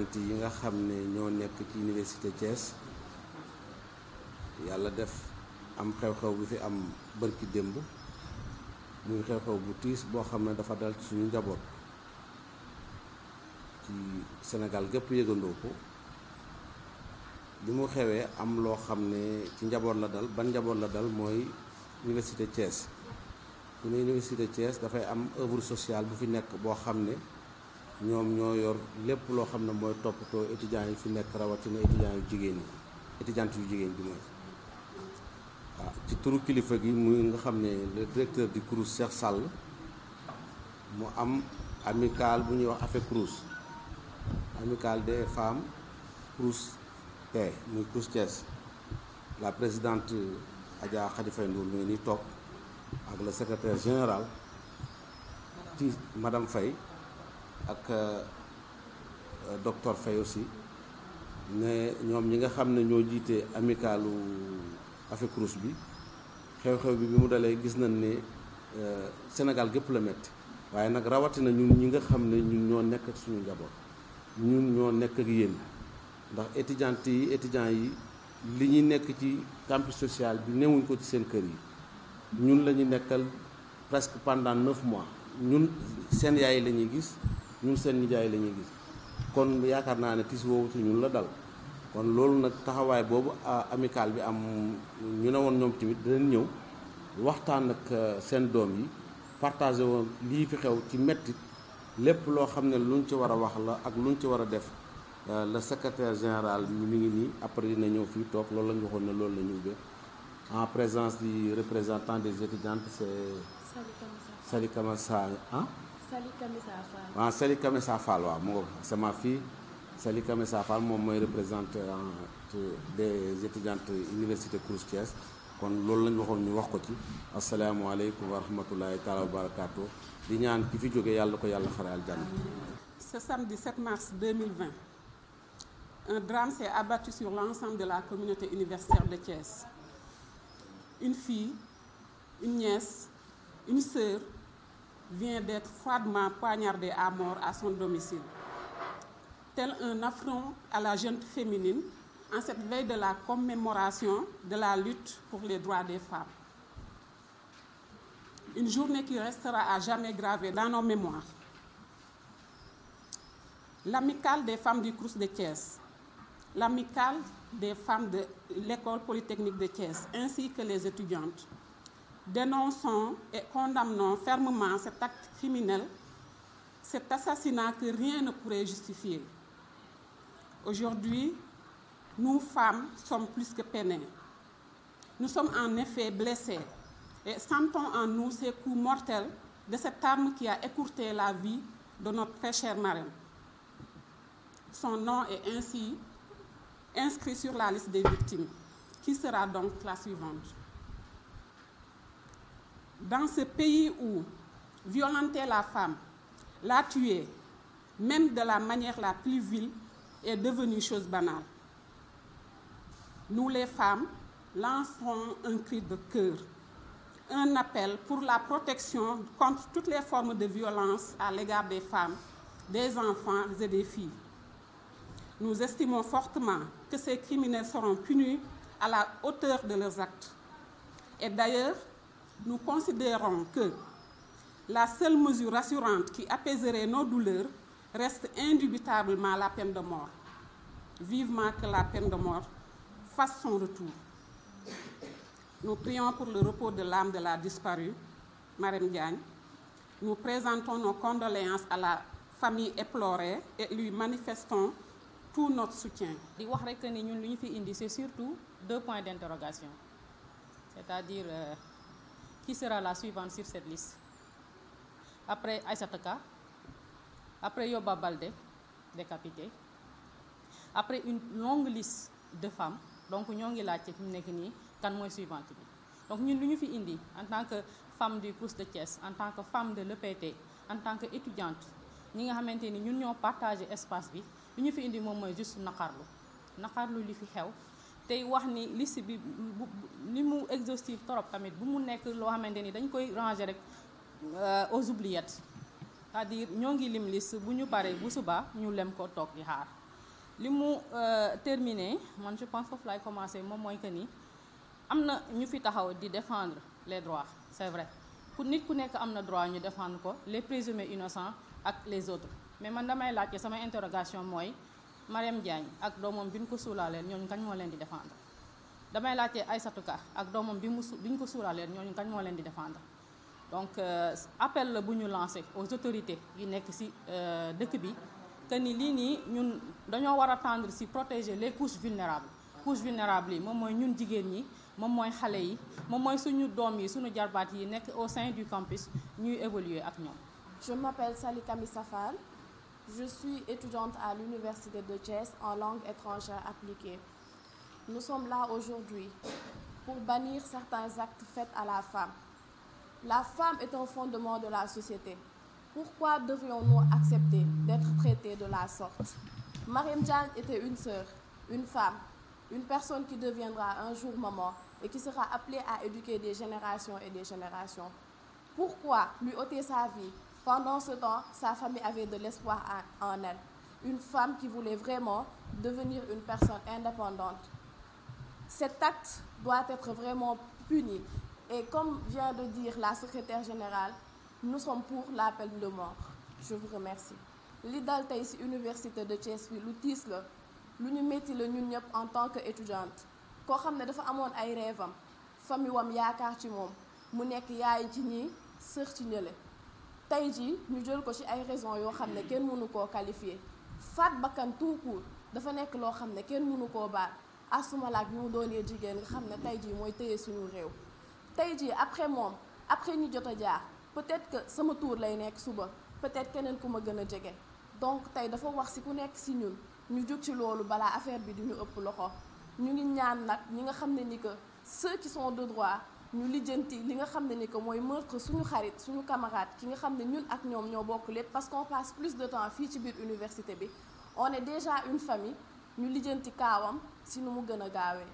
étudiante yi nga xam ne ñoo nekk ci université Thiès yàlla def am xew-xew bi fi am bërki démb muy xew-xew bu tiis boo xam ne dafa dal suñu njaboot ci Sénégal gépp yëgandoo ko bi mu xewee am loo xam ne ci njaboot la dal ban njaboot la dal mooy université Thiès ku ne université Thiès dafay am œuvre sociale bu fi nekk boo xam ne ñoom ñoo yor lépp loo xam ne mooy toppatoo étudiants yi fi nekk rawatina étudiants yu jigéen yi étudiante yu jigéen bi mooy waaw ci turu kilifa gi muy nga xam ne le directeur du CROUS Cheikh Sall mu am amicale bu ñuy wax affaire CROUS amicale des femmes CROUS Paix muy CROUS Thiès la présidente Adja Khady Faye Ndour mi ngi nii toog ak le secretaire général ci madam fay ak euh, euh, docteur Faye aussi ne ñoom ñi nga xam ne ñoo jiite amicalu Africrous bi xew-xew bi bi mu dalee gis nañ ne euh, Sénégal gépp la metti waaye nag rawatina ñun ñi nga xam ne ñun ñoo nekk ak suñu njaboot ñun ñoo nekk ak yéen ndax étudiante yi étudiants yi li ñuy nekk ci campus social bi newuñ ko ci seen kër yi ñun la ñu nekkal presque pendant neuf mois ñun seen yaay la ñuy gis ñun seen nijaay la ñuy gis kon yaakaar naa ne tis woowu ci ñun la dal kon loolu nag taxawaay boobu amical bi am ñu ne woon ñoom tamit dinañ ñëw waxtaan ak euh, seen doom yi partagé woon lii fi xew ci mettit lépp loo xam ne luñ ci war a wax la ak lu ñu ci war a def euh, le secrétaire général mi ngi nii après dina ñëw fii toog loolu la ñu waxoon ne loolu la ñu ubbee en présence du représentant des étudiantes c'est Sali Kamassa ah Sali ah, Kamisa Fall. waaw Sali Kamisa Fall waaw mu c'est ma Sali Kamisa Fall moom mooy représentante des étudiantes université Crous Thiès kon loolu la ñu ñu wax ko ci asalaamaaleykum wa rahmatulahi taala wa barakaatu di ñaan ki fi jóge yàlla ko yàlla xaraal jàmm. ce samedi 7 mars 2020 un drame s'est abattu sur l'ensemble de la communauté universitaire de Thiès une fille une nièce une sœur. vient d'être froidement poignardé à mort à son domicile. Tel un affront à la jeune féminine en cette veille de la commémoration de la lutte pour les droits des femmes. Une journée qui restera à jamais gravée dans nos mémoires. L'amicale des femmes du Crous de Thiès, l'amicale des femmes de l'école polytechnique de Thiès, ainsi que les étudiantes dénonçons et condamnons fermement cet acte criminel, cet assassinat que rien ne pourrait justifier. Aujourd'hui, nous femmes sommes plus que peinées. Nous sommes en effet blessées et sentons en nous ces coups mortels de cette arme qui a écourté la vie de notre très chère marraine. Son nom est ainsi inscrit sur la liste des victimes, qui sera donc la suivante. dans ce pays où violenter la femme, la tuer, même de la manière la plus vile, est devenu chose banale. Nous, les femmes, lançons un cri de cœur, un appel pour la protection contre toutes les formes de violence à l'égard des femmes, des enfants et des filles. Nous estimons fortement que ces criminels seront punis à la hauteur de leurs actes. Et d'ailleurs, nous considérons que la seule mesure rassurante qui apaiserait nos douleurs reste indubitablement la peine de mort. Vivement que la peine de mort fasse son retour. Nous prions pour le repos de l'âme de la disparue, Marem Diagne. Nous présentons nos condoléances à la famille éplorée et lui manifestons tout notre soutien. di wax rekk ni ñun lu ñu fi indi c'est surtout deux points d'interrogation c'est-à-dire. Euh, qui la suivante sur cette liste après Aïssata Ka après Yoba Baldé décapité après une longue liste de femme donc ñoo ngi laajte fi mu nekk nii kan mooy suivante bi donc ñun lu ñu fi indi en tant que femme du Crous de Thiès en tant que femme de l'EPT en tant que étudiante ñi nga xamante ni ñun ñoo partagé espace bi lu ñu fi indi moom mooy juste naqarlu naqarlu li fi xew tey wax ni liste bi li mu exhaustive trop tamit bu mu nekk loo xamante ni dañ koy ranger rek euh, aux oubliettes à dire ñoo ngi lim liste bu ñu paree bu subaa ñu lem ko toog di xaar li mu euh, terminer man je pense foofu laay commencé moom mooy que ni am na ñu fi taxaw di défendre les droits c'est vrai ku nit ku nekk am na droit ñu défendre ko les présumés innocents ak les autres mais man damay laajte sama interrogation mooy Mariam Diagne ak doomam bi ñu ko suulaaleen ñooñu kañ moo leen di défendre damay laajte ay Ka ak doomam bi mu bi ñu ko suulaaleen ñooñu kañ moo leen di défendre donc euh, appel la bu ñu lancé aux autorités yi nekk ci euh, dëkk bi que ni lii nii ñun dañoo war a tendre si protégé les couche vulnérables couche vulnérables yi moom mooy ñun jigéen ñi moom mooy xale yi moom mooy suñu doom yi suñu jarbaat yi nekk au sein du campus ñuy évoluer ak ñoom. je m'appelle Sali Je suis étudiante à l'Université de Thiès en langue étrangère appliquée. Nous sommes là aujourd'hui pour bannir certains actes faits à la femme. La femme est un fondement de la société. Pourquoi devrions-nous accepter d'être traités de la sorte Mariam Diagne était une sœur, une femme, une personne qui deviendra un jour maman et qui sera appelée à éduquer des générations et des générations. Pourquoi lui ôter sa vie Pendant ce temps, sa famille avait de l'espoir en elle, une femme qui voulait vraiment devenir une personne indépendante. Cet acte doit être vraiment puni et comme vient de dire la secrétaire générale, nous sommes pour la peine de mort. Je vous remercie. li dal tey ci université de Thiès bi lu tiis la lu ñu métti la ñun ñëpp en tant que étudiante koo xam ne dafa amoon ay rêvam famille wam yaakaar ci moom mu nekk yaay ci ñii sër ci ñële tey jii ñu jël ko ci ay raisons yoo xam ne kenn mënu koo qualifier faat bakkan tout court dafa nekk loo xam ne kenn mënu koo baal yi ñu doonee jigéen nga xam ne tey jii mooy téye suñu réew tey jii après moom après ñu jot a jaar peut-être que sama tour lay nekk suba peut-être keneen ku ma gën a jege donc tey dafa wax ci ku nekk ci ñun ñu jóg ci loolu balaa affaire bi du ñu ëpp loxo ñu ngi ñaan nag ñi nga xam ne ni que ceux qui de droit ñu lijjanti li nga xam ne ni que mooy meurtre suñu xarit suñu camarade ki nga xam ne ñun ak ñoom ñoo bokk lépp parce qu'on passe plus de temps fii ci biir université bi on est déjà une famille ñu lijjanti kaawam si nu mu gën a gaawee